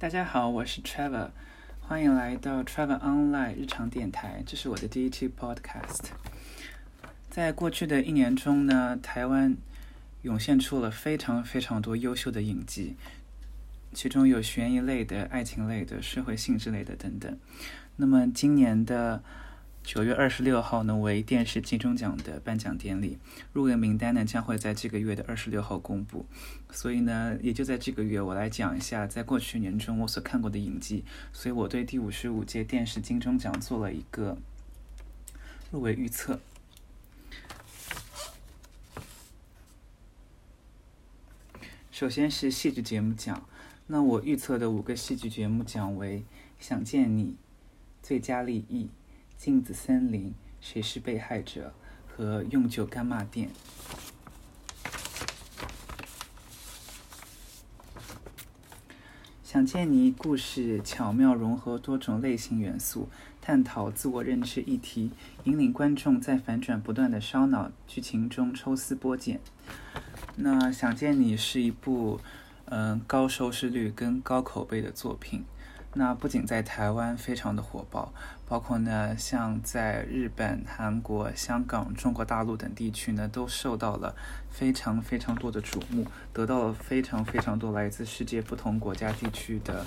大家好，我是 Trevor 歡迎來到 Trevor Online 日常電台，這是我的第一期 podcast。在過去的一年中呢，台灣湧現出了非常非常多優秀的影集，其中有懸疑類的、愛情類的、社會性質類的等等。那麼今年的九月二十六號呢為電視金鐘獎的頒獎典禮，入圍名單呢將會在這個月的二十六號公布，所以呢也就在這個月我來講一下在過去一年中我所看過的影集，所以我對第五十五屆電視金鐘獎做了一個入圍預測。首先是戲劇節目獎，那我預測的五個戲劇節目獎為《想見你》、最佳利益。鏡子森林、誰是被害者、和用九柑仔店。《想見你》故事巧妙融合多種類型元素，探討自我認知議題，引領觀眾在反轉不斷的燒腦劇情中抽絲剝繭。那《想見你》是一部嗯、呃、高收視率跟高口碑的作品。那不僅在台灣非常的火爆，包括呢，像在日本、韓國、香港、中國大陸等地區呢，都受到了非常非常多的矚目，得到了非常非常多來自世界不同國家地區的，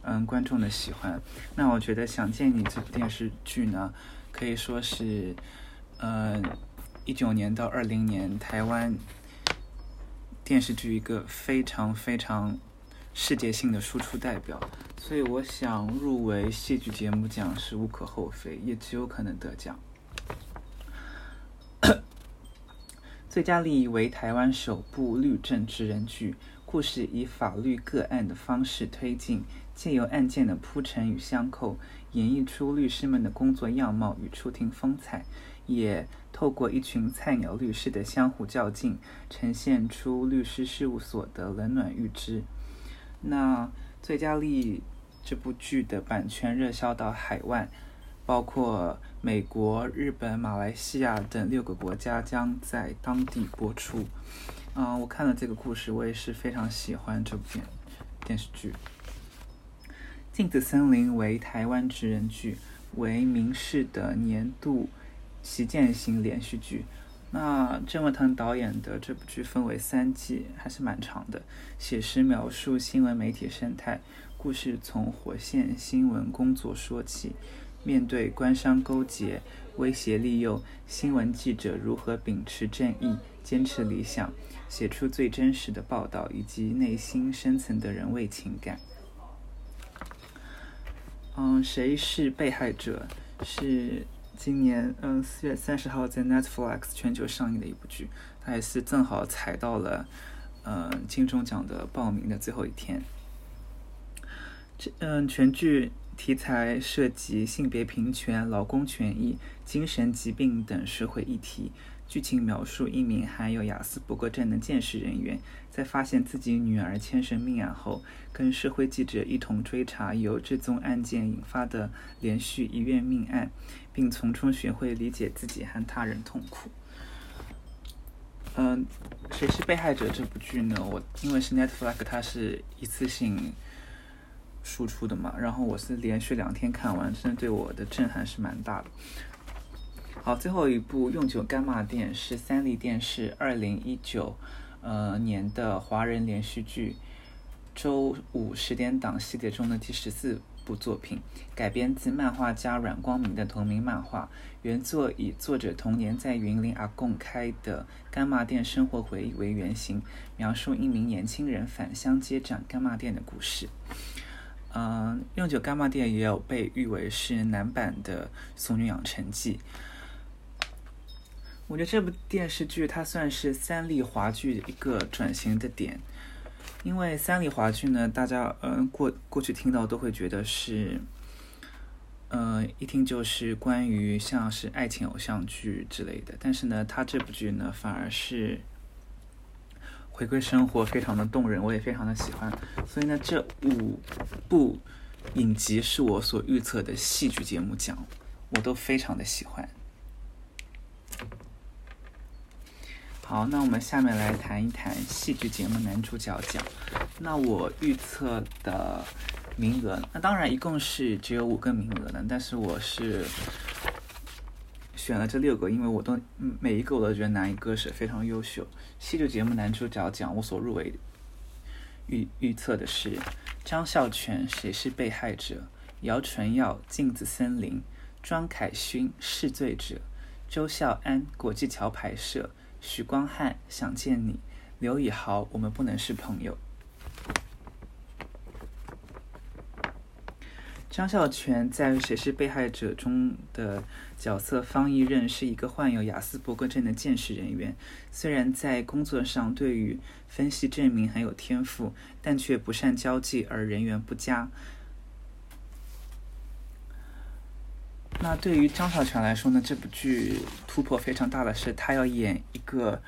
嗯，觀眾的喜歡。那我覺得《想見你》這部電視劇呢，可以說是，嗯、呃，一九年到二零年台灣電視劇一個非常非常，世界性的輸出代表，所以我想入圍戲劇節目獎是無可厚非，也極有可能得獎。 最佳利益為台灣首部律政職人劇，故事以法律個案的方式推進，借由案件的鋪陳與相扣，演繹出律師們的工作樣貌與出庭風采，也透過一群菜鳥律師的相互較勁，呈現出律師事務所的冷暖預知。那《最佳利益》這部劇的版權熱銷到海外，包括美國、日本、馬來西亞等六個國家將在當地播出。嗯、呃，我看了這個故事，我也是非常喜歡這部電電視劇。《鏡子森林》為台灣職人劇，為民視的年度旗艦型連續劇。那鄭文堂導演的這部劇分為三季，還是蠻長的。寫實描述新聞媒體生態，故事從火線新聞工作說起。面對官商勾結、威脅利誘，新聞記者如何秉持正義、堅持理想，寫出最真實的報道，以及內心深層的人為情感。嗯，誰是被害者？是。今年，嗯，四月三十號在 Netflix 全球上映的一部劇，它也是正好踩到了，嗯，金鐘獎的報名的最後一天。這，嗯，全劇題材涉及性別平權、勞工權益、精神疾病等社會議題。劇情描述一名患有亞斯伯格症的鑑識人員，在發現自己女兒牽涉命案後，跟社會記者一同追查由這宗案件引發的連續遺願命案，並從中學會理解自己和他人痛苦。嗯，誰是被害者這部劇呢？我因為是 Netflix，它是一次性輸出的嘛，然後我是連續兩天看完，真的對我的震撼是蠻大的。好，最後一部《用九柑仔店》是三立電視二零一九呃年的華人連續劇《周五十點檔》系列中的第十四部作品，改編自漫畫家阮光明的同名漫畫。原作以作者童年在雲林阿公開的柑仔店生活回憶為原型，描述一名年輕人返鄉接掌柑仔店的故事。嗯、呃，《用九柑仔店》也有被譽為是男版的《俗女養成記》。我覺得這部電視劇它算是三立華劇一個轉型的點，因為三立華劇呢，大家嗯、呃、過過去聽到都會覺得是，嗯、呃、一聽就是關於像是愛情偶像劇之類的，但是呢，它這部劇呢反而是回歸生活，非常的動人，我也非常的喜歡。所以呢，這五部影集是我所預測的戲劇節目獎，我都非常的喜歡。好，那我們下面來談一談戲劇節目男主角獎。那我預測的名額，那當然一共是只有五個名額呢，但是我是選了這六個，因為我都每一個我都覺得難以割捨，非常優秀。戲劇節目男主角獎我所入圍預預測的是：張孝全《誰是被害者》，姚淳耀《鏡子森林》，莊凱勛《噬罪者》，周孝安《國際橋牌社》。許光漢想見你，劉以豪我們不能是朋友。張孝全在《誰是被害者》中的角色方毅任是一個患有亞斯伯格症的鑑識人員，雖然在工作上對於分析證明很有天賦，但卻不善交際而人緣不佳。那對於張孝全來說呢，這部劇突破非常大的是，他要演一個，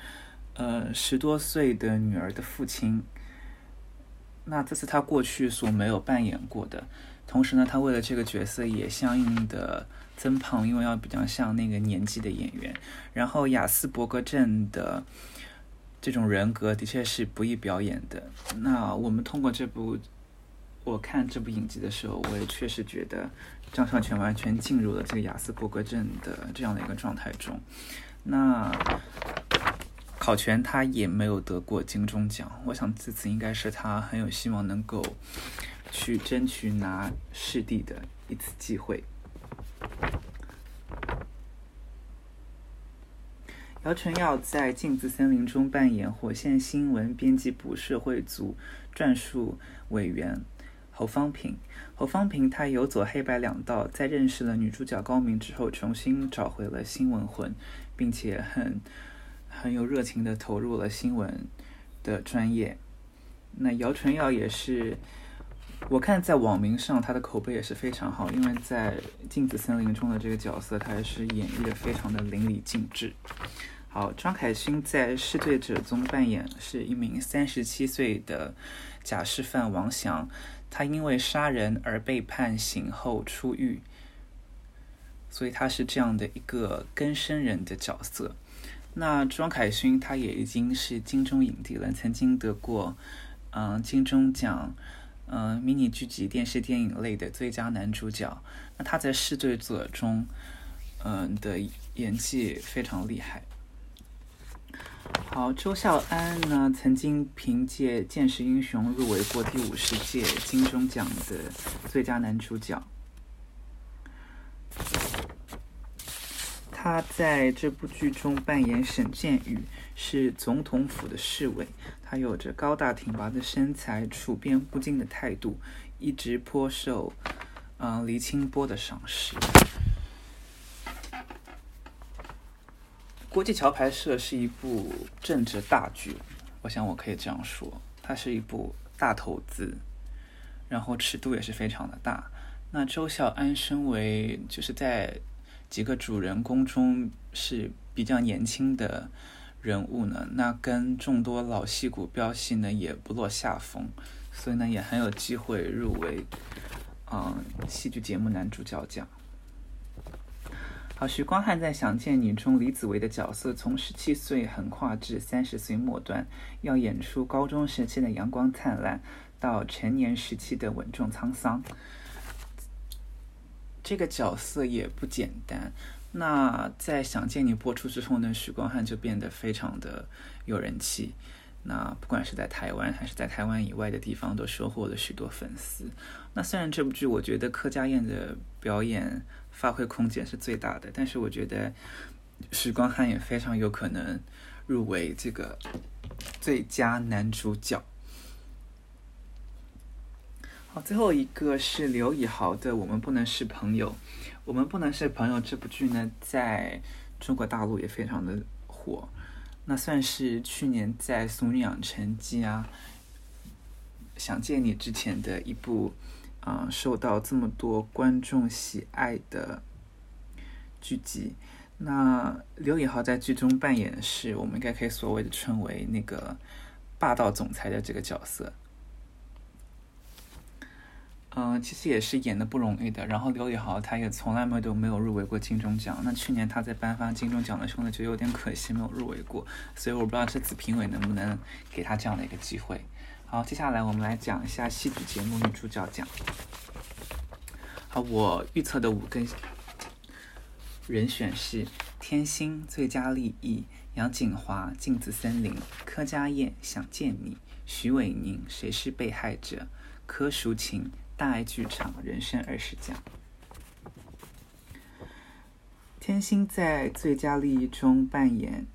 呃，十多歲的女兒的父親。那這是他過去所沒有扮演過的。同時呢，他為了這個角色也相應的增胖，因為要比較像那個年紀的演員。然後，亞斯伯格症的這種人格的確是不易表演的。那我們通過這部，我看這部影集的時候，我也確實覺得。張尚權完全進入了這個亞斯伯格症的這樣的一個狀態中，那考全他也沒有得過金鐘獎，我想這次應該是他很有希望能夠去爭取拿視帝的一次機會。姚晨耀在《鏡子森林》中扮演火線新聞編輯部社會組撰述委員侯方平，侯方平他遊走黑白兩道，在認識了女主角高明之後，重新找回了新聞魂，並且很很有熱情地投入了新聞的專業。那姚淳耀也是，我看在網民上他的口碑也是非常好，因為在《鏡子森林》中的這個角色，他也是演繹的非常的淋漓盡致。好，莊凱勛在《噬罪者》中扮演是一名三十七歲的假釋犯王翔。他因為殺人而被判刑後出獄，所以他是這樣的一個更生人的角色。那莊凱勛他也已經是金鐘影帝了，曾經得過嗯金鐘獎嗯迷你劇集電視、電視電影類的最佳男主角。那他在試作《噬罪者》中嗯的演技非常厲害。好，周孝安呢曾經憑借《鑑識英雄》入圍過第五十屆金鐘獎的最佳男主角。他在這部劇中扮演沈建宇，是總統府的侍衛。他有着高大挺拔的身材，處變不驚的態度，一直頗受嗯、呃、黎清波的賞識。《國際橋牌社》是一部政治大劇，我想我可以這樣說，它是一部大投資，然後尺度也是非常的大。那周孝安身為就是在幾個主人公中是比較年輕的人物呢，那跟眾多老戲骨飆戲呢也不落下風，所以呢也很有機會入圍，嗯，戲劇節目男主角獎。徐光漢在《想見你》中，李子維的角色從十七歲橫跨至三十歲末端，要演出高中時期的陽光燦爛，到成年時期的穩重滄桑，這個角色也不簡單。那在《想見你》播出之後呢，許光漢就變得非常的有人氣。那不管是在台灣還是在台灣以外的地方，都收穫了許多粉絲。那雖然這部劇，我覺得柯佳嬿的表演，發揮空間是最大的，但是我覺得許光漢也非常有可能入圍這個最佳男主角。好，最後一個是劉以豪的《我們不能是朋友》，《我們不能是朋友》這部劇呢，在中國大陸也非常的火，那算是去年在《俗女養成記》啊、《想見你》之前的一部，嗯，受到這麼多觀眾喜愛的劇集，那劉以豪在劇中扮演的是我們應該可以所謂的稱為那個霸道總裁的這個角色。嗯，其實也是演的不容易的。然後劉以豪他也從來沒有都沒有入圍過金鐘獎。那去年他在頒發金鐘獎的時候呢，就有點可惜沒有入圍過。所以我不知道這次評委能不能給他這樣的一個機會。好，接下來我們來講一下戲劇節目女主角獎。好，我預測的五個人選是：天心最佳利益、楊謹華鏡子森林、柯佳嬿、想見你、許瑋甯誰是被害者、柯淑勤、大愛劇場人生二十講。天心在最佳利益中扮演。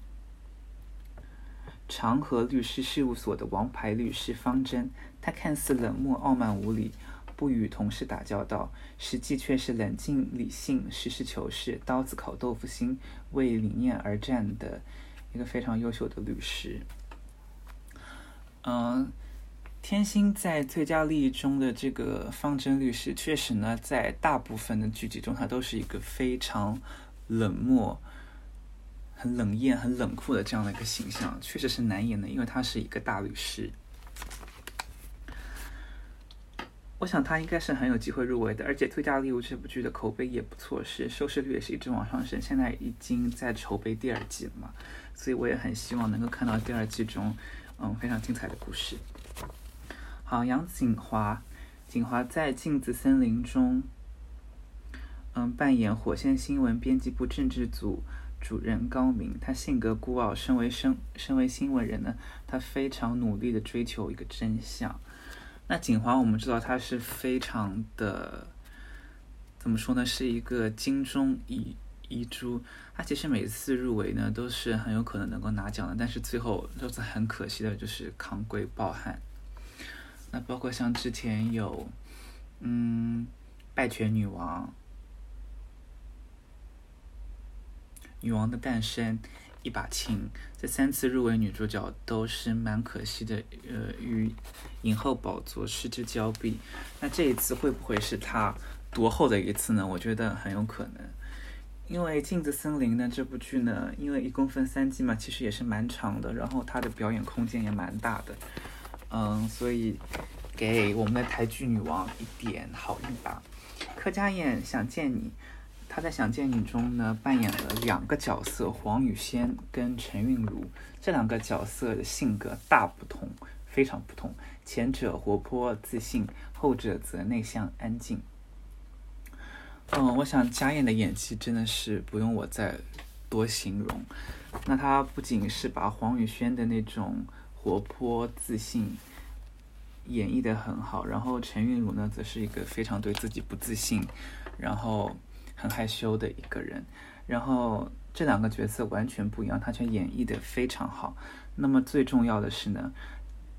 長河律師事務所的王牌律師方箏，他看似冷漠、傲慢、無禮，不與同事打交道，實際卻是冷靜、理性、實事求是、刀子口豆腐心，為理念而戰的一個非常優秀的律師。嗯，天心在《最佳利益》中的這個方箏律師，確實呢，在大部分的劇集中，他都是一個非常冷漠。很冷豔、很冷酷的這樣的一個形象，確實是難演的，因為他是一個大律師。我想他應該是很有機會入圍的，而且《最佳利益》這部劇的口碑也不錯是，是收視率也是一直往上升，現在已經在籌備第二季了嘛，所以我也很希望能夠看到第二季中，嗯，非常精彩的故事。好，楊謹華，謹華在《鏡子森林》中，嗯，扮演《火線新聞》編輯部政治組。主人高明，他性格孤傲。身為身身為新聞人呢，他非常努力的追求一個真相。那景華，我們知道他是非常的，怎麼說呢？是一個金鐘遺遺珠。他其實每次入圍呢，都是很有可能能夠拿獎的，但是最後都、就是很可惜的，就是槓龜抱憾。那包括像之前有，嗯，敗犬女王。女王的誕生、一把青，這三次入圍女主角都是蠻可惜的，呃，與影后寶座失之交臂。那這一次會不會是她奪後的一次呢？我覺得很有可能，因為《鏡子森林》呢這部劇呢，因為一共分三季嘛，其實也是蠻長的，然後她的表演空間也蠻大的，嗯，所以給我們的台劇女王一點好運吧。柯佳嬿，想見你。他在《想見你》中呢，扮演了兩個角色：黃雨萱跟陳韻如。這兩個角色的性格大不同，非常不同。前者活潑自信，後者則內向安靜。嗯，我想佳嬿的演技真的是不用我再多形容。那他不僅是把黃雨萱的那種活潑自信演繹得很好，然後陳韻如呢，則是一個非常對自己不自信，然後。很害羞的一個人，然後這兩個角色完全不一樣，他卻演繹的非常好。那麼最重要的是呢，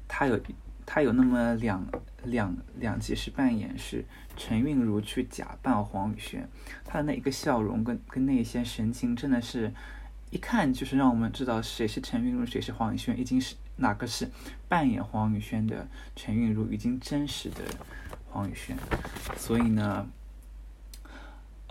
他有他有那麼兩兩兩集是扮演是陳韻如去假扮黃雨萱，他的那一個笑容跟跟那些神情，真的是一看就是讓我們知道誰是陳韻如，誰是黃雨萱，已經是哪個是扮演黃雨萱的陳韻如，已經真實的黃雨萱，所以呢。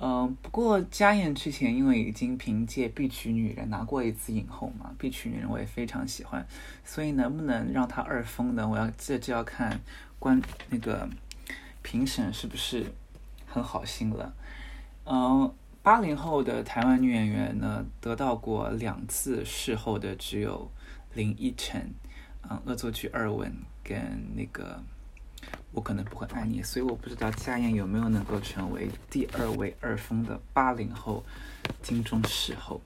嗯、呃，不過佳嬿之前因為已經憑借《必娶女人》拿過一次影后嘛，《必娶女人》我也非常喜歡，所以能不能讓她二封呢？我要這就要看關，那個評審是不是很好心了。嗯、呃，八零後的台灣女演員呢，得到過兩次視後的只有林依晨，嗯、呃，《惡作劇二吻》跟那個。我可能不會愛你，所以我不知道佳嬿有沒有能夠成為第二位二封的八零後金鐘視後。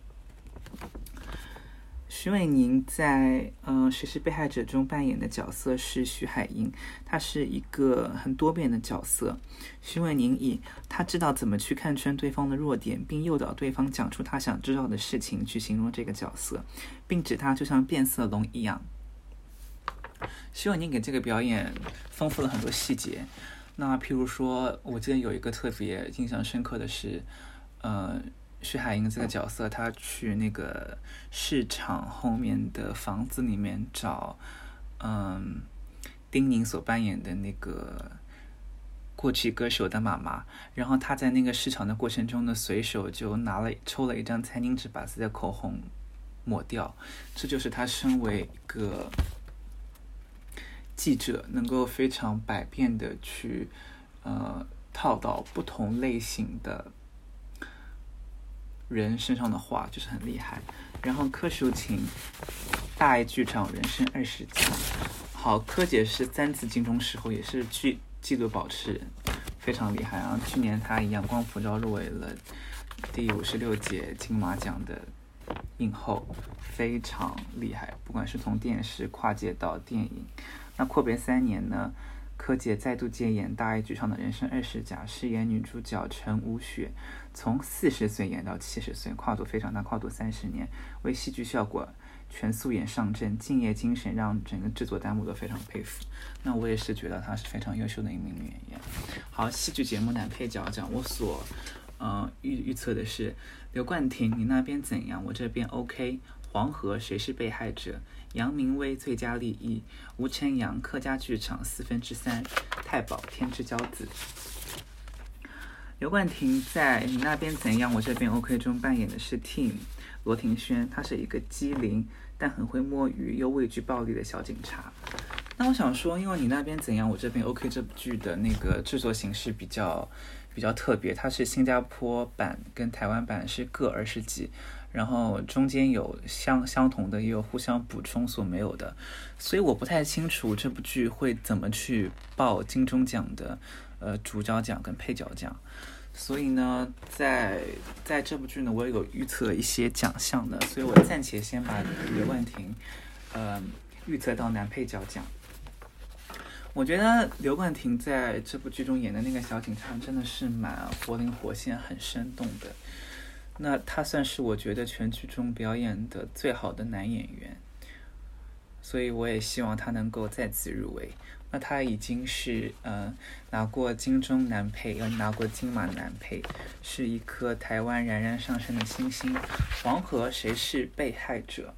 許瑋甯在嗯、呃、《誰是被害者》中扮演的角色是徐海茵，她是一個很多變的角色。許瑋甯以她知道怎麼去看穿對方的弱點，並誘導對方講出她想知道的事情，去形容這個角色，並指她就像變色龍一樣。希望您給這個表演豐富了很多細節。那譬如說，我記得有一個特別印象深刻的是，呃，徐海英這個角色，她去那個市場後面的房子裡面找，嗯、呃，丁寧所扮演的那個過氣歌手的媽媽。然後她在那個市場的過程中呢，隨手就拿了抽了一張餐巾紙，把自己的口紅抹掉。這就是她身為一個。記者能夠非常百變的去，呃，套到不同類型的人身上的話，就是很厲害。然後柯淑勤，大愛劇場人生二十集，好，柯姐是三次金鐘視後，也是劇紀錄保持人，非常厲害。啊。去年她以陽光普照入圍了第五十六屆金馬獎的影後，非常厲害。不管是從電視跨界到電影。那闊別三年呢，柯姐再度接演大愛劇場的《人生二十甲》，飾演女主角陳吳雪，從四十歲演到七十歲，跨度非常大，跨度三十年，為戲劇效果全素顏上陣，敬業精神讓整個製作單位都非常佩服。那我也是覺得她是非常優秀的一名女演員。好，戲劇節目男配角獎，我所嗯、呃、預預測的是劉冠廷，《你那邊怎樣？我這邊 OK》。黃河，《誰是被害者》？楊明威最佳利益，吳承陽客家劇場四分之三，太保天之驕子。劉冠廷在《你那邊怎樣？我這邊 OK》中扮演的是 Team 羅廷軒，他是一個機靈但很會摸魚又畏懼暴力的小警察。那我想說，因為你那邊怎樣？我這邊 OK。這部劇的那個制作形式比較比較特別，它是新加坡版跟台灣版是各二十集。然後中間有相相同的，也有互相補充所沒有的，所以我不太清楚這部劇會怎麼去報金鐘獎的，呃，主角獎跟配角獎。所以呢，在在這部劇呢，我也有預測一些獎項的，所以我暫且先把劉冠廷，呃，預測到男配角獎。我覺得劉冠廷在這部劇中演的那個小警察真的是蠻活靈活現、很生動的。那他算是我覺得全劇中表演的最好的男演員，所以我也希望他能夠再次入圍。那他已經是嗯、呃、拿過金鐘男配，又拿過金馬男配，是一顆台灣冉冉上升的星星。黃河誰是被害者？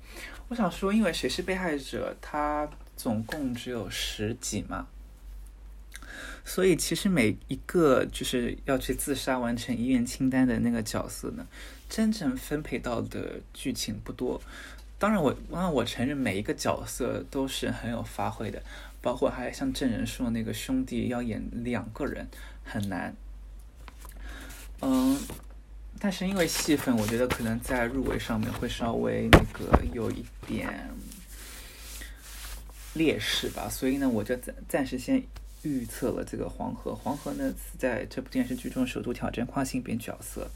我想說，因為誰是被害者，他總共只有十集嘛。所以其實每一個就是要去自殺完成遺願清單的那個角色呢，真正分配到的劇情不多。當然我，我那我承認每一個角色都是很有發揮的，包括還像鄭人碩那個兄弟要演兩個人很難。嗯，但是因為戲份，我覺得可能在入圍上面會稍微那個有一點劣勢吧。所以呢，我就暫暫時先。預測了這個黃河，黃河呢是在這部電視劇中首度挑戰跨性別角色，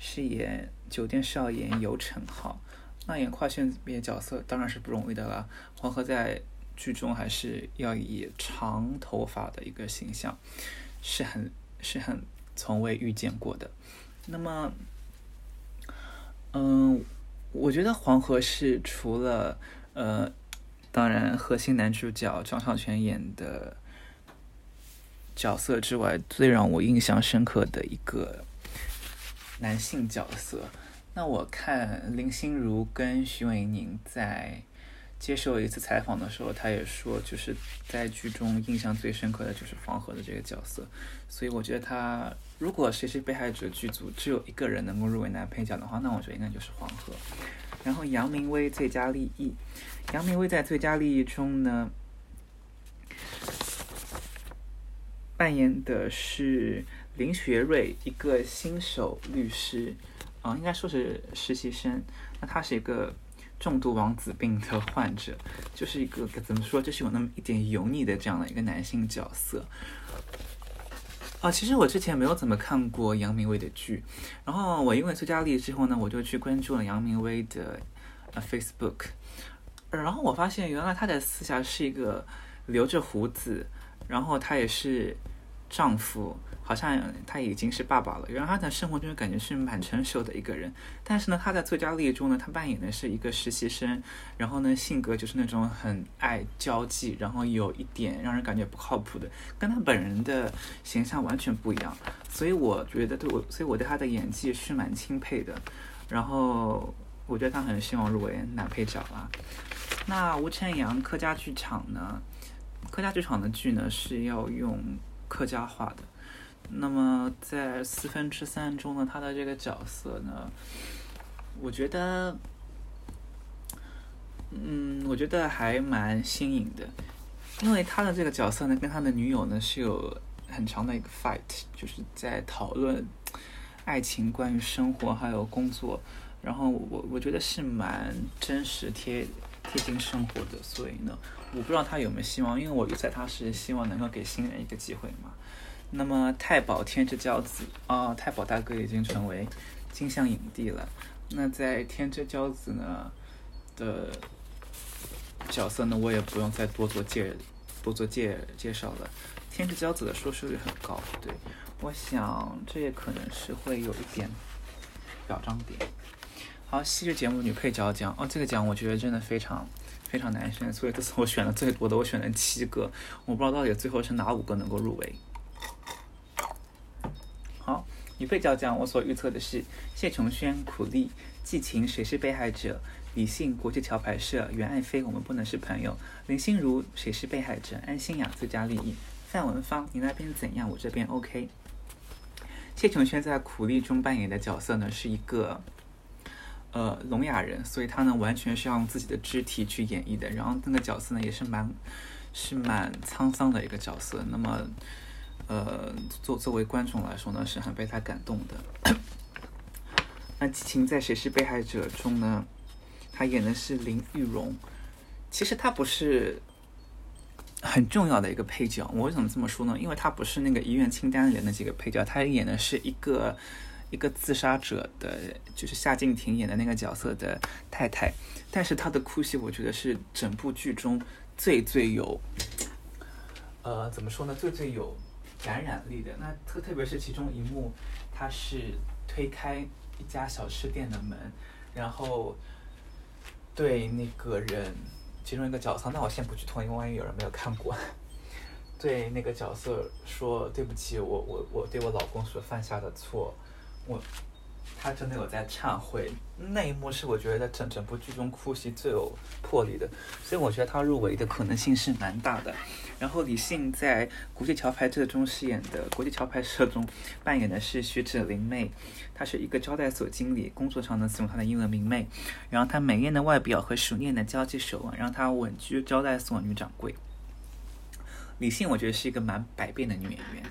飾演酒店少爺游承浩。那演跨性別角色當然是不容易的了。黃河在劇中還是要以長頭髮的一個形象，是很是很從未遇見過的。那麼，嗯、呃，我覺得黃河是除了呃，當然核心男主角張孝全演的。角色之外，最讓我印象深刻的一個男性角色。那我看林心如跟許瑋甯在接受一次採訪的時候，他也說，就是在劇中印象最深刻的就是黃河的這個角色。所以我覺得他，如果《誰是被害者》劇組只有一個人能夠入圍男配角的話，那我覺得應該就是黃河。然後楊銘威最佳利益，楊銘威在最佳利益中呢，扮演的是林學瑞，一個新手律師，啊、哦，應該說是實習生。那他是一個重度王子病的患者，就是一個怎麼說，就是有那麼一點油膩的這樣的一個男性角色。啊、哦，其實我之前沒有怎麼看過楊明威的劇，然後我因為蘇嘉麗之後呢，我就去關注了楊明威的 Facebook，然後我發現原來他的私下是一個留着鬍子。然後他也是丈夫，好像他已經是爸爸了。然後他在生活中感覺是蠻成熟的一個人，但是呢，他在《最佳利益》中呢，他扮演的是一個實習生，然後呢，性格就是那種很愛交際，然後有一點讓人感覺不靠譜的，跟他本人的形象完全不一樣。所以我覺得對我，我所以我對他的演技是蠻欽佩的。然後我覺得他很希望入圍男配角啊。那吳晨陽客家劇場呢？客家劇場的劇呢，是要用客家話的。那麼在四分之三中呢，他的這個角色呢，我覺得，嗯，我覺得還蠻新穎的，因為他的這個角色呢，跟他的女友呢是有很長的一個 fight，就是在討論愛情、關於生活還有工作，然後我我覺得是蠻真實貼貼近生活的，所以呢。我不知道他有沒有希望，因為我預測他是希望能夠給新人一個機會嘛。那麼太保天之驕子啊、哦，太保大哥已經成為金像影帝了。那在天之驕子呢的角色呢，我也不用再多做介多做介介紹了。天之驕子的收視率很高，對，我想這也可能是會有一點表彰點。好，戲劇節、節目女配角獎哦，這個獎我覺得真的非常。非常難選，所以這次我選了最多的，我選了七個，我不知道到底最後是哪五個能夠入圍。好，一貝教講，我所預測的是：謝瓊煖、苦力、季晴、誰是被害者、李杏、國際橋牌社、袁艾菲、我們不能是朋友、林心如、誰是被害者、安心亞、最佳利益、范文芳。你那邊怎樣？我這邊 OK。謝瓊煖在苦力中扮演的角色呢，是一個。呃，聾啞人，所以他呢完全是用自己的肢體去演繹的。然後那個角色呢也是蠻是蠻滄桑的一個角色。那麼，呃，作作為觀眾來說呢，是很被他感動的。 那激情在《誰是被害者》中呢，他演的是林玉榮。其實他不是很重要的一個配角。我為什麼這麼說呢？因為他不是那個醫院清單裡的那幾個配角，他演的是一個。一個自殺者的，就是夏靖庭演的那個角色的太太，但是她的哭戲，我覺得是整部劇中最最有，呃，怎麼說呢，最最有感染力的。那特特別是其中一幕，她是推開一家小吃店的門，然後對那個人，其中一個角色，那我先不劇透，因為萬一有人沒有看過，對那個角色說對不起，我我我對我老公所犯下的錯。我，他真的有在懺悔那一幕，是我覺得在整整部劇中哭戲最有魄力的，所以我覺得他入圍的可能性是蠻大的。然後李信在《國際橋牌社》中飾演的《國際橋牌社》中扮演的是徐志林妹，她是一個招待所經理，工作上呢使用她的英文名妹。然後她美豔的外表和熟練的交際手腕，讓她穩居招待所女掌櫃。李杏，我覺得是一個蠻百變的女演員。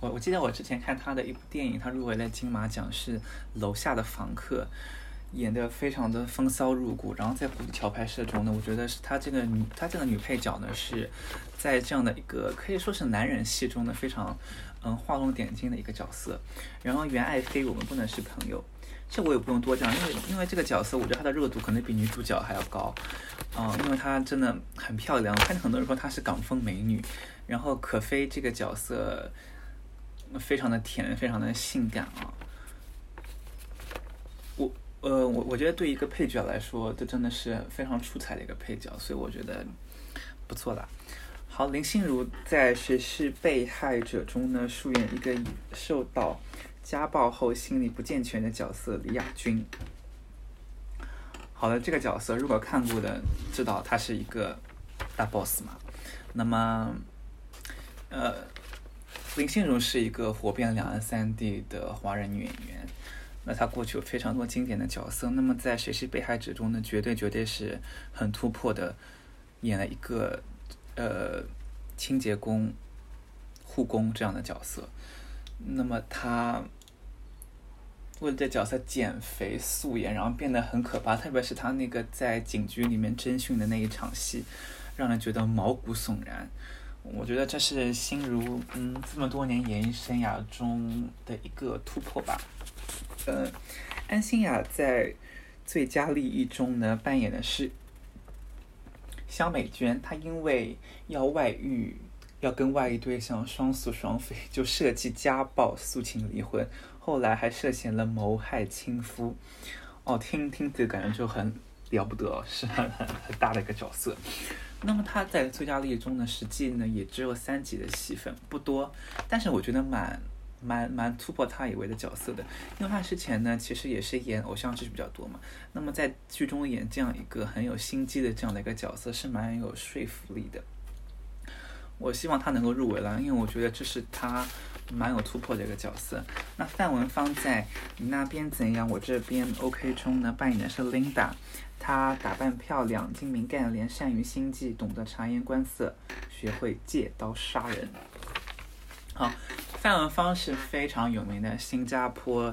我我記得我之前看她的一部電影，她入圍了金馬獎，是《樓下的房客》，演得非常的風騷入骨。然後在《古橋》拍攝中呢，我覺得是她這個、她這個女，她這個女配角呢，是在這樣的一個可以說是男人戲中的非常，嗯、畫龍點睛的一個角色。然後袁艾菲，我們不能是朋友。這我也不用多講，因為因為這個角色，我覺得它的熱度可能比女主角還要高，啊、呃，因為她真的很漂亮。我看很多人說她是港風美女，然後可菲這個角色非常的甜，非常的性感啊。我呃我我覺得對一個配角來說，這真的是非常出彩的一個配角，所以我覺得不錯啦。好，林心如在《誰是被害者》中呢，飾演一個受到。家暴後心理不健全的角色李雅均。好了，這個角色如果看過的知道，他是一個大 boss 嘛。那麼，呃，林心如是一個火遍兩岸三地的華人女演員。那她過去有非常多經典的角色，那麼在《誰是被害者》中呢，絕對絕對是很突破的，演了一個呃清潔工、護工這樣的角色。那麼他為了這角色減肥、素顏，然後變得很可怕，特別是他那個在警局裡面偵訊的那一場戲，讓人覺得毛骨悚然。我覺得這是心如嗯這麼多年演藝生涯中的一個突破吧。嗯，安心雅在最佳利益中呢扮演的是肖美娟，她因為要外遇。要跟外遇對象雙宿雙飛，就設計家暴、訴請離婚，後來還涉嫌了謀害親夫。哦，聽聽着感覺就很了不得，是很很很大的一個角色。那麼他在《最佳利益》中呢，實際呢也只有三集的戲份，不多。但是我覺得蠻蠻蠻突破他以為的角色的，因為他之前呢其實也是演偶像劇比較多嘛。那麼在劇中演這樣一個很有心機的這樣的一個角色，是蠻有說服力的。我希望他能夠入圍了，因為我覺得這是他蠻有突破的一個角色。那范文芳在你那邊怎樣？我這邊 OK 中呢，扮演的是 Linda，她打扮漂亮，精明幹練，善於心計，懂得察言觀色、學會借刀殺人。好，范文芳是非常有名的新加坡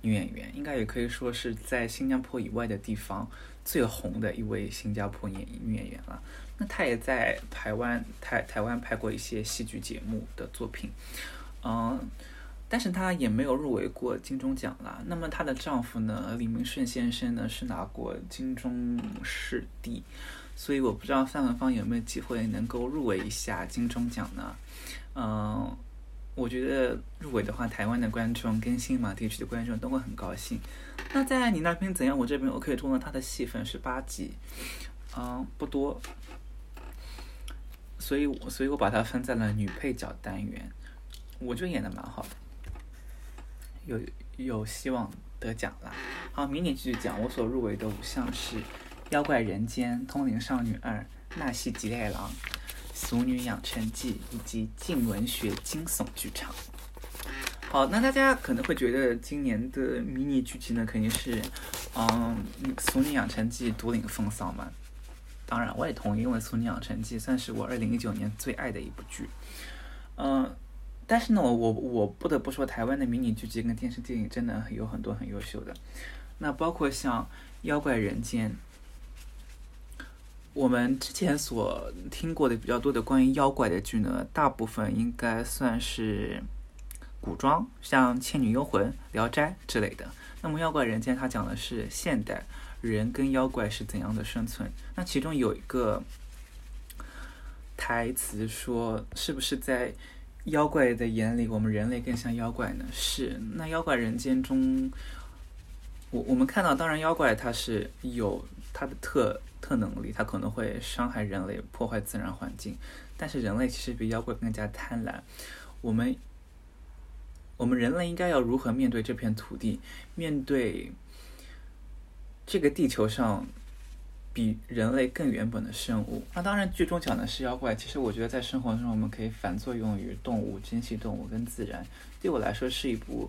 女演員，應該也可以說是在新加坡以外的地方最紅的一位新加坡演女演員了。那她也在台灣台台灣拍過一些戲劇節目的作品，嗯，但是她也沒有入圍過金鐘獎啦。那麼她的丈夫呢，李明順先生呢是拿過金鐘視帝，所以我不知道范文芳有沒有機會能夠入圍一下金鐘獎呢？嗯，我覺得入圍的話，台灣的觀眾跟新馬地區的觀眾都會很高興。那在你那邊怎樣？我這邊 OK 中了，她的戲份是八集，嗯，不多。所以我，所以我把它分在了女配角單元，我就演的蠻好的，有有希望得獎啦。好，迷你劇集講我所入圍的五項是《妖怪人間》《通靈少女二》《納西吉太郎》《俗女養成記》以及《鏡文學驚悚劇場》。好，那大家可能會覺得今年的迷你劇集呢，肯定是嗯《俗女養成記》獨領風騷嘛。當然，我也同意。因為《俗女養成記》算是我二零一九年最愛的一部劇，嗯、呃，但是呢，我我我不得不說，台灣的迷你劇集跟電視電影真的有很多很優秀的。那包括像《妖怪人間》，我們之前所聽過的比較多的關於妖怪的劇呢，大部分應該算是古裝，像《倩女幽魂》《聊齋》之類的。那麼《妖怪人間》它講的是現代。人跟妖怪是怎樣的生存？那其中有一個台詞說：“是不是在妖怪的眼裡，我們人類更像妖怪呢？”是。那妖怪人間中，我我們看到，當然妖怪它是有它的特特能力，它可能會傷害人類、破壞自然環境。但是人類其實比妖怪更加貪婪。我們我們人類應該要如何面對這片土地？面對。這個地球上比人類更原本的生物，那當然劇中講的是妖怪。其實我覺得在生活中我們可以反作用於動物、珍惜動物跟自然。對我來說是一部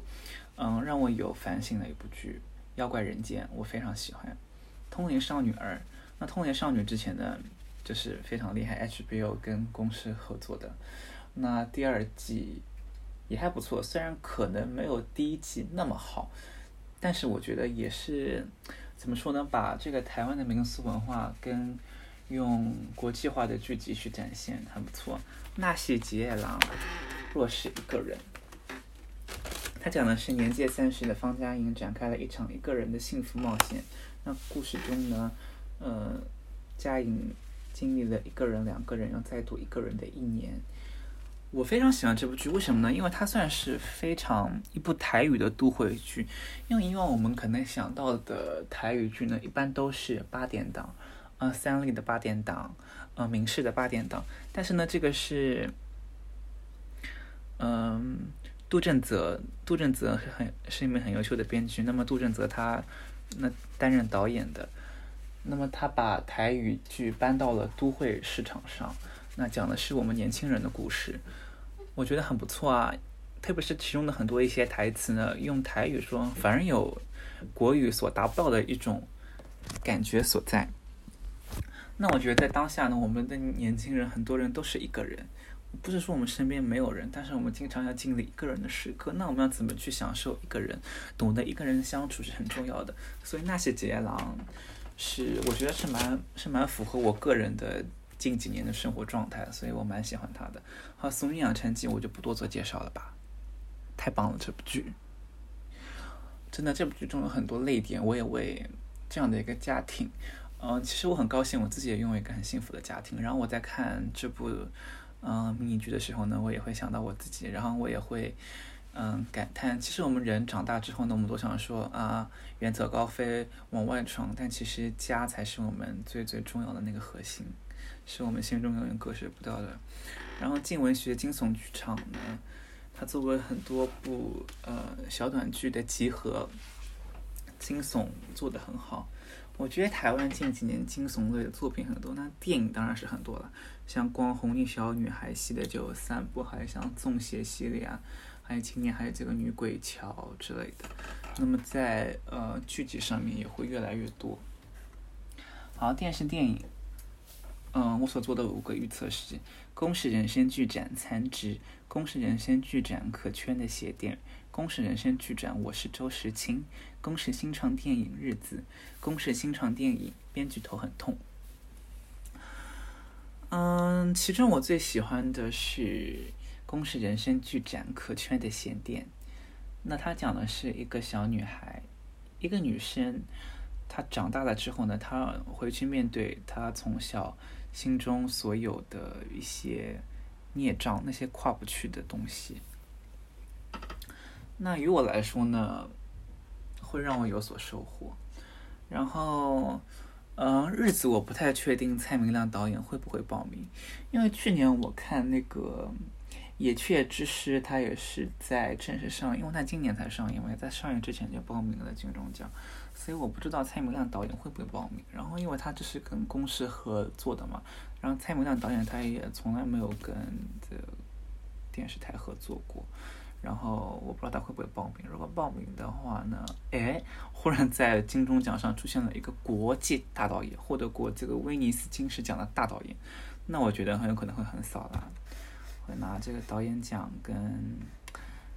嗯讓我有反省的一部劇，《妖怪人間》我非常喜歡，《通靈少女二》。那《通靈少女》之前呢就是非常厲害，HBO 跟公司合作的，那第二季也還不錯，雖然可能沒有第一季那麼好，但是我覺得也是。怎麼說呢？把這個台灣的民俗文化跟用國際化的劇集去展現，很不錯。《那西吉野狼若是一個人》，他講的是年屆三十的方佳瑩展開了一場一個人的幸福冒險。那故事中呢，呃，佳瑩經歷了一個人、兩個人，又再度一個人的一年。我非常喜歡這部劇，為什麼呢？因為它算是非常一部台語的都會劇，因為以往我們可能想到的台語劇呢，一般都是八點檔，呃，三立的八點檔，呃，民視的八點檔，但是呢，這個是，嗯、呃，杜政哲，杜政哲是很是一名很優秀的編劇，那麼杜政哲他，他那擔任導演的，那麼他把台語劇搬到了都會市場上。那講的是我們年輕人的故事，我覺得很不錯啊，特別是其中的很多一些台詞呢，用台語說，反而有國語所達不到的一種感覺所在。那我覺得在當下呢，我們的年輕人很多人都是一個人，不是說我們身邊沒有人，但是我們經常要經歷一個人的時刻。那我們要怎麼去享受一個人？懂得一個人的相處是很重要的。所以那些解難，是我覺得是蠻是蠻符合我個人的近幾年的生活狀態，所以我蠻喜歡他的。好，《俗女養成記》我就不多做介紹了吧。太棒了，這部劇，真的這部劇中有很多淚點。我也為這樣的一個家庭，嗯、呃，其實我很高興，我自己也擁有一個很幸福的家庭。然後我在看這部嗯、呃、迷你劇的時候呢，我也會想到我自己，然後我也會嗯、呃、感嘆，其實我們人長大之後呢，我們都想說啊遠走高飛，往外闖，但其實家才是我們最最重要的那個核心。是我們心中永遠割捨不掉的。然後《鏡文學》驚悚劇場呢，它作為很多部呃小短劇的集合，驚悚做得很好。我覺得台灣近幾年驚悚類的作品很多，那電影當然是很多了，像《光紅衣小女孩系的就有三部，還有像《粽邪》系列啊，還有今年還有這個《女鬼橋》之類的。那麼在呃劇集上面也會越來越多。好，電視電影。嗯，我所做的五個預測是：公視人生劇展殘值、公視人生劇展可圈的鞋店、公視人生劇展，我是周時青、公視新創電影日子、公視新創電影，編劇頭很痛。嗯，其中我最喜歡的是《公視人生劇展可圈的鞋店。那它講的是一個小女孩，一個女生，她長大了之後呢，她回去面對她從小。心中所有的一些孽障，那些跨不去的東西。那於我來說呢，會讓我有所收穫。然後，嗯、呃，日子我不太確定蔡明亮導演會不會報名，因為去年我看那個《野雀之詩》，他也是在正式上，因為他今年才上映，我在上映之前就報名了金鐘獎。所以我不知道蔡明亮導演會不會報名，然後因為他這是跟公司合作的嘛，然後蔡明亮導演他也從來沒有跟這個電視台合作過，然後我不知道他會不會報名。如果報名的話呢，哎，忽然在金鐘獎上出現了一個國際大導演，獲得過這個威尼斯金獅獎的大導演，那我覺得很有可能會很掃啦，啊，會拿這個導演獎跟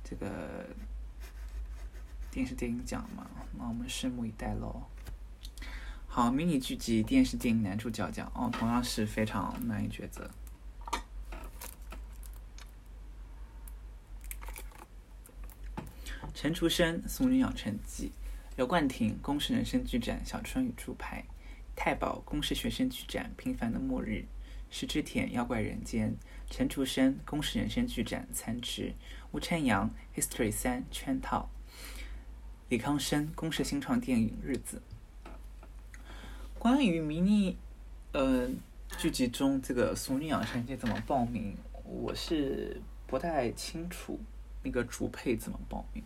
這個。電視電影獎嘛，那我們拭目以待咯。好，迷你劇集電視電影男主角獎哦，同樣是非常難以抉擇。陳竹昇《松鼠養成記》，劉冠廷《公視人生劇展小春與豬排》，太保《公視學生劇展平凡的末日》，石知田《妖怪人間》，陳竹昇《公視人生劇展殘值》，吳辰洋《History 三圈套》。李康生，公視新創電影《日子》。關於迷你，嗯、呃，劇集中這個俗女養成記怎麼報名，我是不太清楚。那個主配怎麼報名？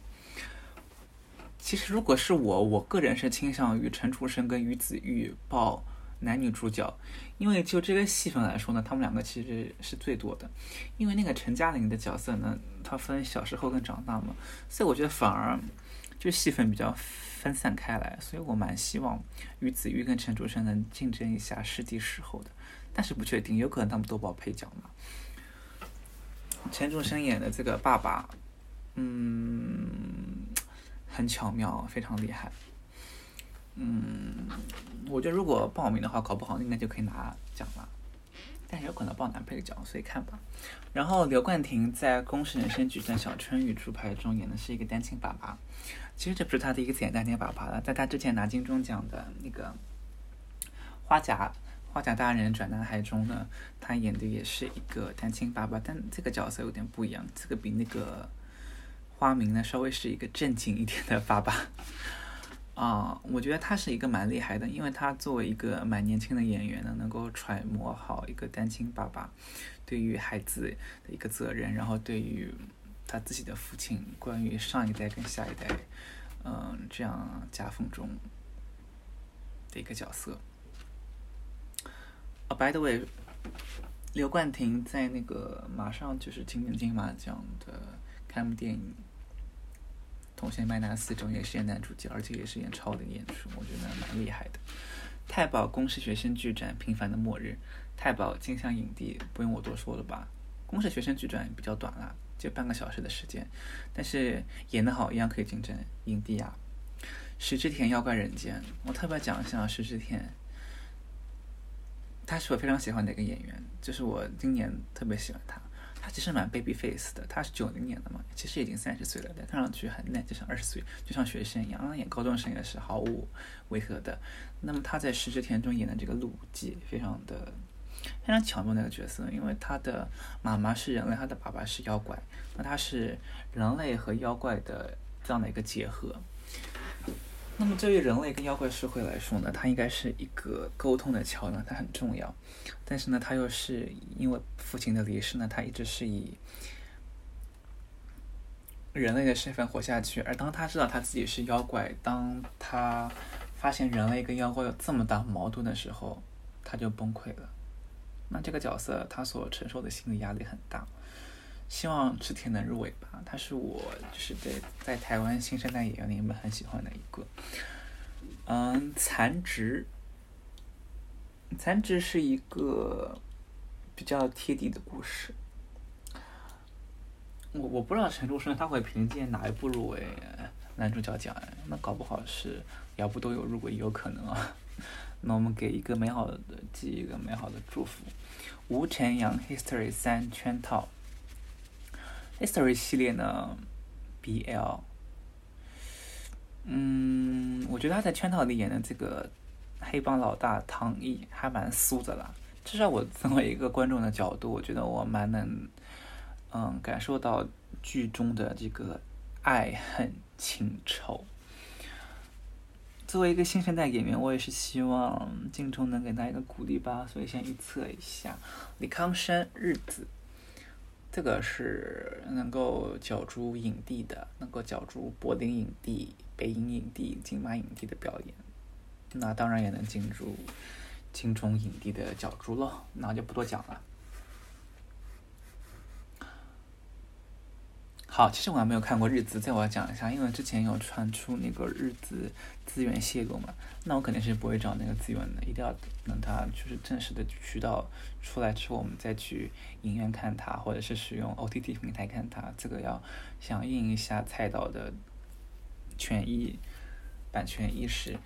其實如果是我，我個人是傾向於陳楚生跟於子玉報男女主角，因為就這個戲份來說呢，他們兩個其實是最多的。因為那個陳嘉玲的角色呢，他分小時候跟長大嘛，所以我覺得反而。就戲份比較分散開來，所以我蠻希望於子育跟陳竹昇能競爭一下視帝視後的，但是不確定，有可能他們都報配角嘛。陳竹昇演的這個爸爸，嗯，很巧妙，非常厲害。嗯，我覺得如果報名的話，搞不好應該就可以拿獎了，但有可能報男配角，所以看吧。然後劉冠廷在公視人生劇展《小春與豬排》中演的是一個單親爸爸。其實這不是他的一個簡單的爸爸了，在他之前拿金鐘獎的那個《花甲花甲大人轉男孩》中呢，他演的也是一個單親爸爸，但這個角色有點不一樣，這個比那個花明呢稍微是一個正經一點的爸爸。啊、嗯，我覺得他是一個蠻厲害的，因為他作為一個蠻年輕的演員呢，能夠揣摩好一個單親爸爸對於孩子的一個責任，然後對於。他自己的父親，關於上一代跟下一代，嗯，這樣夾縫中的一個角色。Oh, by the way，劉冠廷在那個馬上就是今年金，金馬獎的開幕電影《同學麥娜絲》中也是演男主角，而且也是演超齡演出，我覺得蠻厲害的。太保宮是學生劇展《平凡的末日》，太保金像影帝不用我多說了吧？宮是學生劇展比較短了。就半個小時的時間，但是演得好一樣可以競爭影帝啊。石知田妖怪人間，我特別講一下石知田，他是我非常喜歡的一個演員，就是我今年特別喜歡他。他其實蠻 baby face 的，他是九零年的嘛，其實已經三十歲了，但看上去很嫩，就像二十歲，就像學生一樣，啊，演高中生也是毫無違和的。那麼他在石知田中演的這個陸季，非常的。非常巧妙那個角色，因為他的媽媽是人類，他的爸爸是妖怪，那他是人類和妖怪的這樣的一個結合。那麼，對於人類跟妖怪社會來說呢，他應該是一個溝通的橋樑，他很重要。但是呢，他又是因為父親的離世呢，他一直是以人類的身份活下去。而當他知道他自己是妖怪，當他發現人類跟妖怪有這麼大矛盾的時候，他就崩潰了。那這個角色他所承受的心理壓力很大，希望池田能入圍吧。他是我，就是對在台灣新生代演員裡面很喜歡的一個。嗯，殘值，殘值是一個比較貼地的故事。我我不知道陳竹昇他會憑借哪一部入圍。男主角講，那搞不好是兩部都有，如果也有可能啊，那我們給一個美好的記憶，寄一個美好的祝福。吳晨陽《HIStory3 圈套》《History》系列呢，BL，嗯，我覺得他在《圈套》裡演的這個黑幫老大唐毅還蠻蘇的啦，至少我作為一個觀眾的角度，我覺得我蠻能，嗯，感受到劇中的這個愛恨。情仇。作為一個新生代演員，我也是希望金鐘能給大家一個鼓勵吧，所以先預測一下李康生日子，這個是能夠角逐影帝的，能夠角逐柏林影帝、北影影帝、金馬影帝的表演，那當然也能進入金鐘影帝的角逐了，那就不多講了。好，其實我還沒有看過日子，這我要講一下，因為之前有傳出那個日子資源泄露嘛，那我肯定是不會找那個資源的，一定要等它就是正式的渠道出來之後，我們再去影院看它，或者是使用 OTT 平台看它，這個要響應一下蔡導的權益版權意識。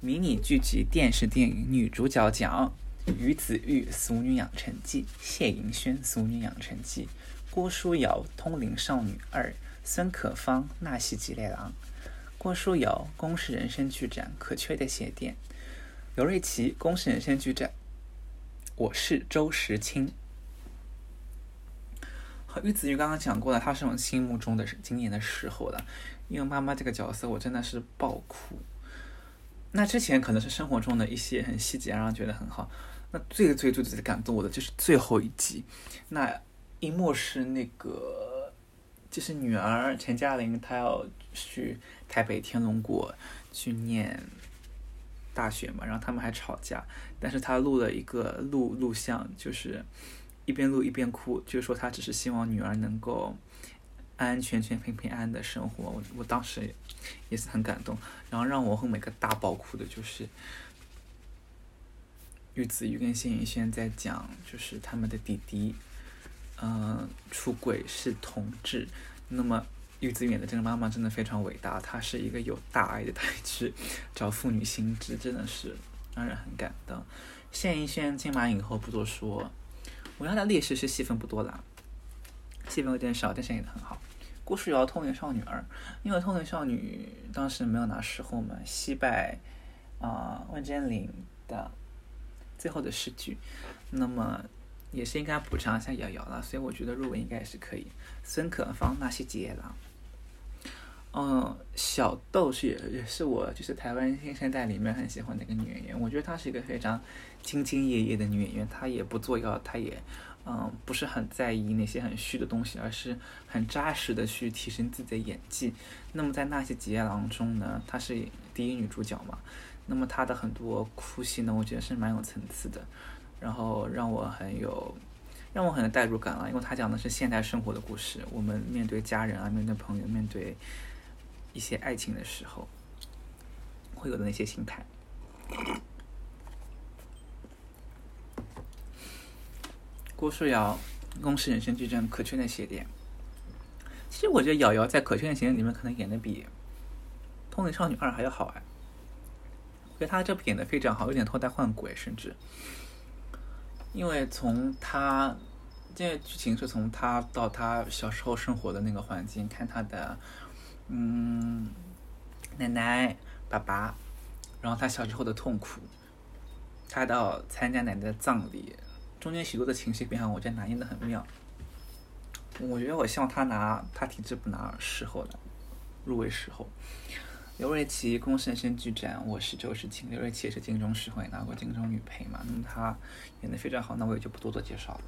迷你劇集電視，電視電影女主角獎，於子育《俗女養成記》，謝盈萱《俗女養成記》。郭書瑤《通靈少女二》，孫可芳《納西吉列郎》。郭書瑤《公視人生劇展》，可缺的鞋墊，劉瑞琪《公視人生劇展》，我是周時清。好，於子育剛剛講過了，他是我心目中的今年的時候了，因為媽媽這個角色，我真的是爆哭。那之前可能是生活中的一些很細節，讓人覺得很好。那最最最最感動我的就是最後一集。那。一幕是那個，就是女兒陳嘉玲，她要去台北天龍國去念大學嘛，然後他們還吵架，但是他錄了一個錄錄像，就是一邊錄一邊哭，就是說他只是希望女兒能夠安安全全、平平安安的生活。我我當時也是很感動，然後讓我和每個大爆哭的就是，於子育跟謝盈萱在講，就是他們的弟弟。嗯、呃，出軌是同志，那麼於子遠的這個媽媽真的非常偉大，她是一個有大愛的太子找婦女心知，真的是讓人很感動。謝盈萱金馬影后不多說，我要的歷史是戲份不多啦，戲份有點少，但是演的很好。郭書瑤《通靈少女》二，因為《通靈少女》當時沒有拿視後嘛，惜敗啊，溫貞菱的最後的詩句，那麼。也是應該補償一下瑤瑤了，所以我覺得入圍應該也是可以。孫可芳、那些傑狼。嗯，小豆是也也是我就是台灣新生代裡面很喜歡的一個女演員，我覺得她是一個非常兢兢業業的女演員，她也不作妖，她也嗯不是很在意那些很虛的東西，而是很扎實的去提升自己的演技。那麼在那些傑郎中呢，她是第一女主角嘛，那麼她的很多哭戲呢，我覺得是蠻有層次的。然後讓我很有，讓我很有代入感啊，因為他講的是現代生活的故事，我們面對家人啊，面對朋友，面對一些愛情的時候，會有的那些心態。嗯、郭書瑤，公視人生劇展可圈的寫點。其實我覺得瑤瑤在《可圈的寫點》裡面可能演的比《通靈少女二》還要好啊，我覺得她這部演的非常好，有點脫胎換骨甚至。因為從他，這個劇情是從他到他小時候生活的那個環境，看他的，嗯，奶奶、爸爸，然後他小時候的痛苦，他到參加奶奶的葬禮，中間許多的情緒變化，我覺得拿捏的很妙。我覺得我希望他拿他體質不拿時候的，入圍時候。劉瑞琪《公視人生劇展》，我是周世清。劉瑞琪也是金鐘視後，拿過金鐘女配嘛，那麼她演的非常好，那我也就不多做介紹了。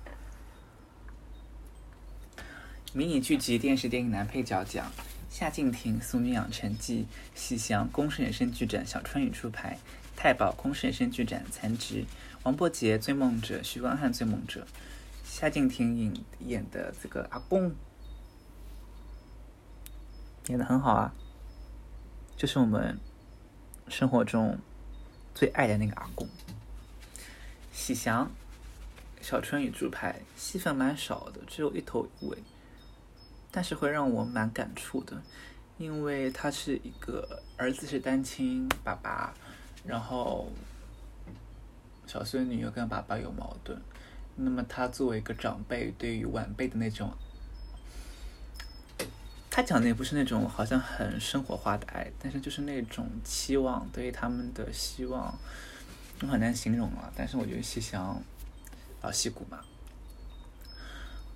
迷你劇集電視電視電影男配角獎：夏靖庭《素女養成記》，喜翔《公視人生劇展》，小春雨出牌，太保《公視人生劇展》，殘值，王柏傑《罪夢者》，許光漢《罪夢者》。夏靖庭演演的這個阿公，演的很好啊。就是我們生活中最愛的那個阿公，喜翔，小春與豬排，戲份蠻少的，只有一頭一尾，但是會讓我蠻感觸的，因為他是一個兒子是單親爸爸，然後小孫女又跟爸爸有矛盾，那麼他作為一個長輩，對於晚輩的那種。他講的也不是那種好像很生活化的愛，但是就是那種期望，對於他們的希望，我很難形容啊。但是我覺得細想，老戲骨嘛，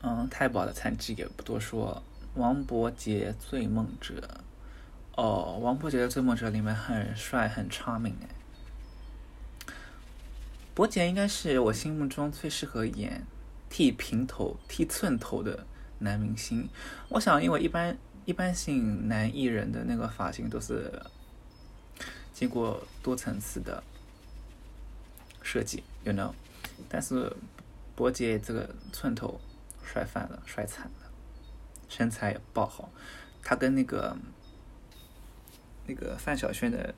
嗯，太保的參知也不多說。王柏傑《罪夢者》，哦，王柏傑的《罪夢者》裡面很帥，很 charming 哎。柏傑應該是我心目中最適合演剃平頭、剃寸頭的男明星。我想，因為一般。一般性男藝人的那個髮型都是經過多層次的設計，you know 但是伯爵這個寸頭帥翻了，帥慘了，身材也爆好。他跟那個那個范曉萱的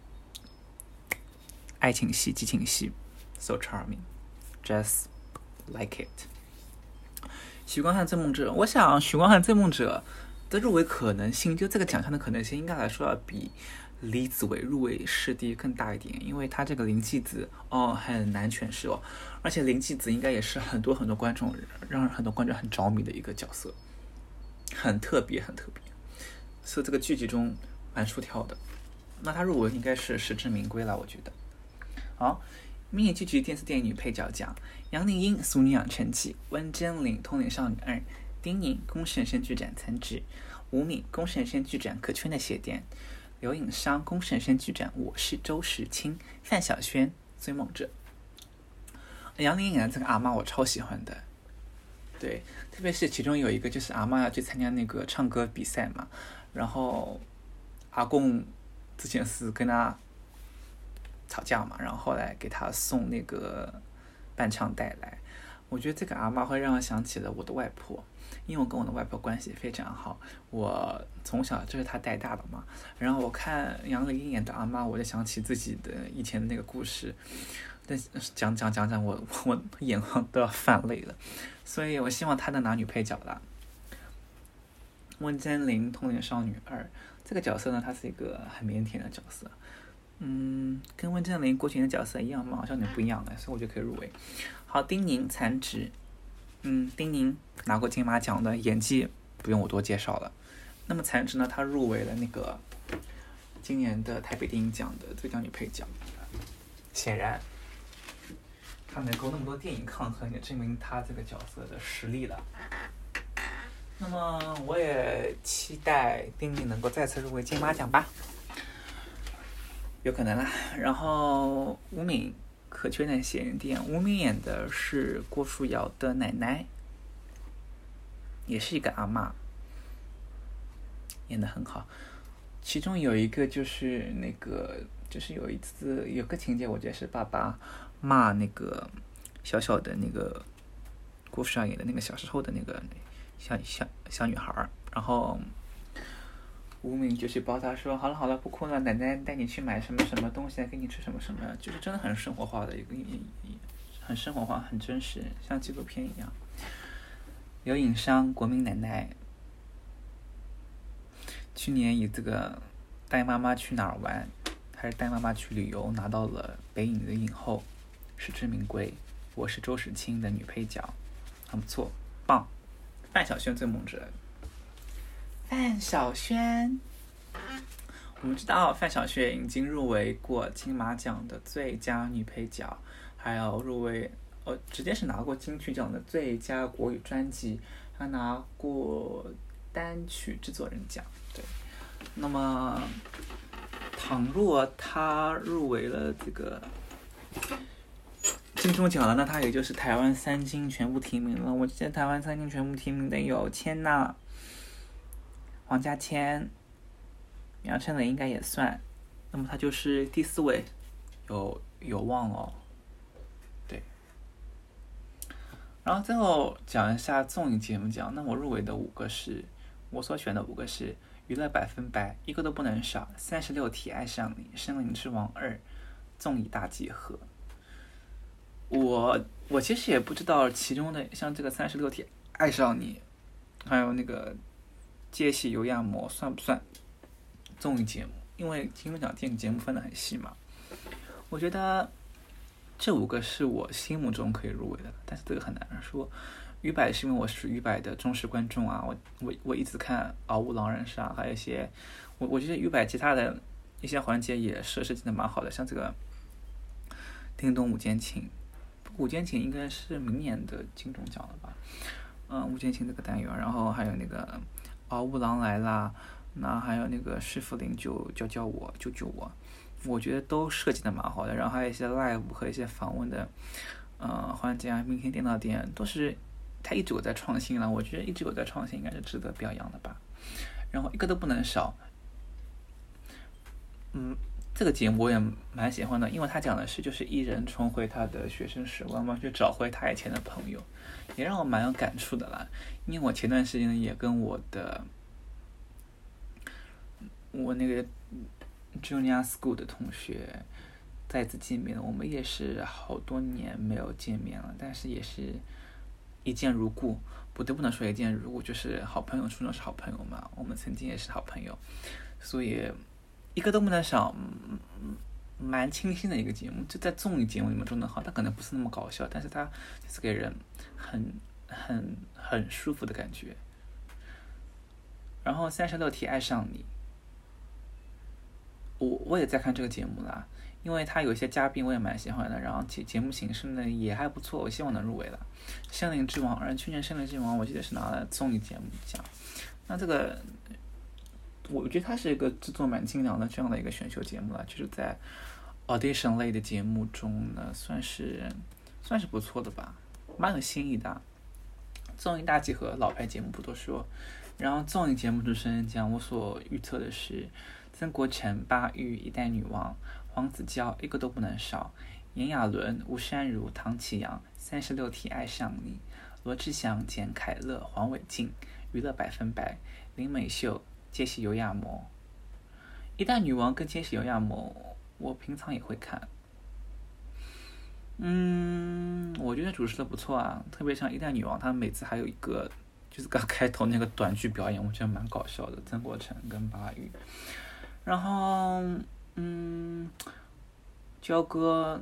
愛情戲、激情戲，so charming，just like it 許。許光漢《罪夢者》，我想許光漢《罪夢者》。入圍可能性，就這個獎項的可能性，應該來說要比李子維入圍視帝更大一點，因為他這個林氣子，哦，很難詮釋哦。而且林氣子應該也是很多很多觀眾讓很多觀眾很着迷的一個角色，很特別，很特別，所以這個劇集中蠻出挑的。那他入圍應該是實至名歸了，我覺得。好，迷你劇集電視電影女配角獎，楊麗音《俗女養成記》，溫貞菱《通靈少女二》。丁寧，公視學生劇展參演，吳敏，公視學生劇展可圈的鞋店，劉引商、公視學生劇展，我是周時清，范曉萱，追夢者，楊林演、啊、這個阿嬤，我超喜歡的，對，特別是其中有一個就是阿嬤要去參加那個唱歌比賽嘛，然後阿公之前是跟他吵架嘛，然後後來給他送那個伴唱帶來，我覺得這個阿嬤會讓我想起了我的外婆。因為我跟我的外婆關係非常好，我從小就是她帶大的嘛。然後我看楊麗英演的阿嬤，我就想起自己的以前的那個故事，但是講講講講，我我眼眶都要泛淚了。所以我希望她能拿女配角啦。溫貞菱，《通靈少女2》這個角色呢，她是一個很靦腆的角色，嗯，跟溫貞菱過去的角色一樣嗎？好像有點不一樣誒，所以我覺得可以入圍。好，丁寧殘值。嗯，丁寧拿過金馬獎的演技，不用我多介紹了。那麼殘值呢？他入圍了那個今年的台北電影獎的最佳女配角。顯然，他能夠那麼多電影抗衡，也證明他這個角色的實力了。那麼我也期待丁寧能夠再次入圍金馬獎吧，有可能啦，然後吳敏。可圈的寫人點無名明演的是郭書瑤的奶奶，也是一個阿嬤，演的很好。其中有一個就是那個，就是有一次有個情節，我覺得是爸爸罵那個小小的那個郭書瑤演的那個小時候的那個小小小女孩然後。吳敏就去抱他說：“好了好了，不哭了，奶奶帶你去買什麼什麼東西來給你吃什麼什麼。”就是真的很生活化的一個，很生活化、很真實，像紀錄片一樣。劉引商國民奶奶，去年以這個《帶媽媽去哪兒玩》還是《帶媽媽去旅遊》拿到了北影的影後，實至名歸。我是周芷清的女配角，很不錯，棒。范曉萱最萌者。范曉萱，我們知道范曉萱已經入圍過金馬獎的最佳女配角，還有入圍，呃、哦，直接是拿過金曲獎的最佳國語專輯，還拿過單曲製作人獎。對，那麼倘若她入圍了這個金鐘獎了，那她也就是台灣三金全部提名了。我記得台灣三金全部提名的有簽娜。黃嘉千、明楊丞琳應該也算，那麼他就是第四位，有有望哦。對。然後最後講一下綜藝節目獎，那我入圍的五個是，我所選的五個是《娛樂百分百》，一個都不能少，《三十六計愛上你》，《森林之王二》，綜藝大集合。我我其實也不知道其中的，像這個《三十六計愛上你》，還有那個。接戲油壓模》算不算綜藝節目？因為金鐘獎電影節目分得很細嘛。我覺得這五個是我心目中可以入圍的，但是這個很難說。娛百是因為我是娛百的忠實觀眾啊，我我我一直看《嗷嗚狼人殺》啊，還有一些，我我覺得娛百其他的一些環節也設施真的蠻好的，像這個《叮咚五間情》，不過五間情應該是明年的金鐘獎了吧？嗯，五間情這個單元，然後還有那個。毛、哦、烏郎來啦，那還有那個師傅靈就教教我救救我，我覺得都設計的蠻好的。然後還有一些 live 和一些訪問的，嗯、呃，環節啊，明星電腦店都是他一直有在創新啦。我覺得一直有在創新，應該是值得表揚的吧。然後一個都不能少。嗯，這個節目我也蠻喜歡的，因為他講的是就是一人重回他的學生時光嘛，去找回他以前的朋友，也讓我蠻有感觸的啦。因為我前段時間也跟我的，我那個 junior school 的同學再次見面了，我們也是好多年沒有見面了，但是也是一見如故，不對不能說一見如故，就是好朋友，初中是好朋友嘛，我們曾經也是好朋友，所以一個都不能少，蠻清新的一個節目，就在綜藝節目裡面中的好，他可能不是那麼搞笑，但是他就是給人很。很很舒服的感覺。然後《三十六題愛上你》我，我我也在看這個節目啦，因為它有一些嘉賓我也蠻喜歡的。然後節節目形式呢也還不錯，我希望能入圍了。《森林之王》，然後去年《森林之王》我記得是拿了綜藝節目獎。那這個我覺得它是一個製作蠻精良的這樣的一個選秀節目了，就是在 audition 類的節目中呢，算是算是不錯的吧，蠻有新意的。綜藝大集合，老牌節目不多說。然後綜藝節目主持人獎，我所預測的是曾國城、巴鈺、一代女王黃子佼一個都不能少，炎亞綸、吳姍儒、唐綺陽、三十六題愛上你、羅志祥、簡愷樂、黃偉晉、娛樂百分百、林美秀、皆是尤亞模。一代女王跟皆是尤亞模，我平常也會看。嗯，我覺得主持的不錯啊，特別像《一代女王》，她每次還有一個就是剛開頭那個短劇表演，我覺得蠻搞笑的。曾國城跟巴鈺。然後嗯，焦哥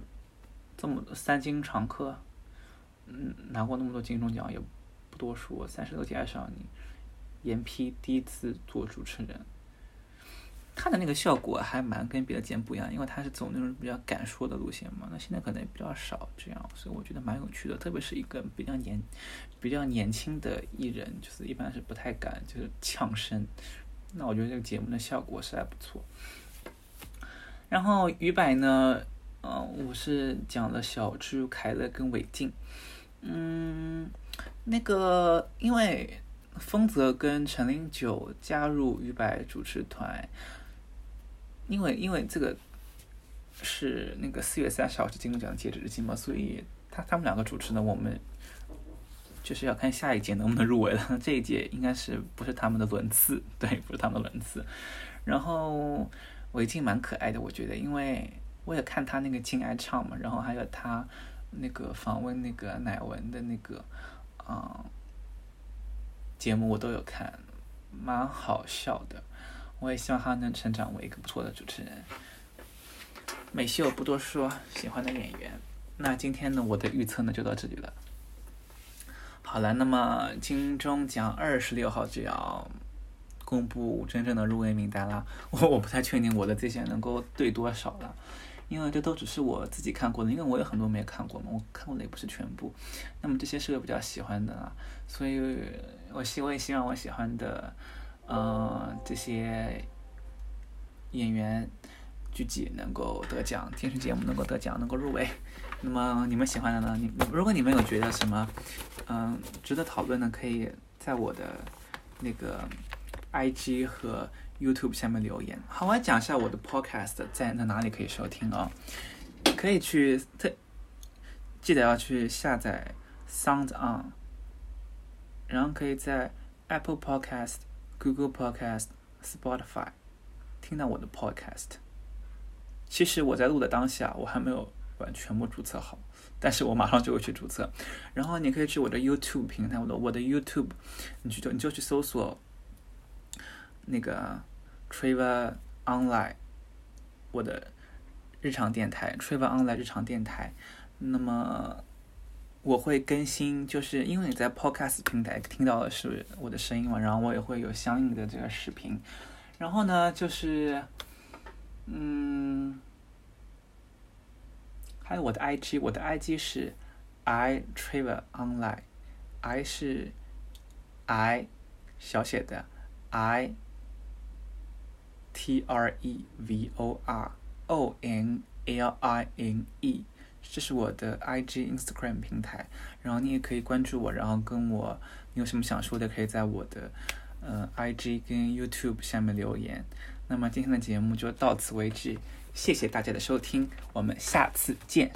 這麼三金常客，嗯，拿過那麼多金鐘獎，也不多說。三十多歲愛上你，嚴批第一次做主持人。他的那個效果還蠻跟別的節目不一樣，因為他是走那種比較敢說的路線嘛。那現在可能也比較少這樣，所以我覺得蠻有趣的。特別是一個比較年比較年輕的藝人，就是一般是不太敢就是嗆聲。那我覺得這個節目的效果是還不錯。然後娛百呢，嗯、呃，我是講了小豬凱樂跟韋靜，嗯，那個因為豐澤跟陳零九加入娛百主持團。因為因為這個是那個四月三十號是金鐘獎的截止日期嘛，所以他他們兩個主持呢，我們就是要看下一屆能不能入圍了。這一屆應該是不是他們的輪次？對，不是他們的輪次。然後韋靜蠻可愛的，我覺得，因為我也看他那個《金愛唱》嘛，然後還有他那個訪問那個乃文的那個嗯、呃、節目，我都有看，蠻好笑的。我也希望他能成長為一個不錯的主持人。美秀不多說，喜歡的演員。那今天呢，我的預測呢就到這裡了。好了，那麼金鐘獎二十六號就要公布真正的入圍名單了。我我不太確定我的這些人能夠對多少了，因為這都只是我自己看過的，因為我有很多沒看過嘛，我看過的也不是全部。那麼這些是個比較喜歡的啦，所以我希我也希望我喜歡的，嗯、呃，這些演員、劇集能夠得獎，電視節目能夠得獎，能夠入圍。那麼你們喜歡的呢？你如果你們有覺得什麼嗯、呃、值得討論的，可以在我的那個 IG 和 YouTube 下面留言。好，我講一下我的 podcast 在那哪裡可以收聽啊、哦？可以去特，記得要去下載 SoundOn，然後可以在 Apple Podcast。Google Podcast、Spotify，聽到我的 Podcast。其實我在錄的當下，我還沒有完全部注冊好，但是我馬上就會去注冊。然後你可以去我的 YouTube 平台，我的我的 YouTube，你去就你就去搜索那個 Trevor Online，我的日常電台 Trevor Online 日常電台。那麼。我會更新，就是因為你在 Podcast 平台聽到的是我的聲音嘛，然後我也會有相應的這個視頻。然後呢，就是，嗯，還有我的 IG，我的 IG 是 I Trevor Online，I 是 I 小寫的 I，T R E V O R O N L I N E。這是我的 IG Instagram 平台，然後你也可以關注我，然後跟我，你有什麼想說的，可以在我的呃 IG 跟 YouTube 下面留言。那麼今天的節目就到此為止，謝謝大家的收聽，我們下次見。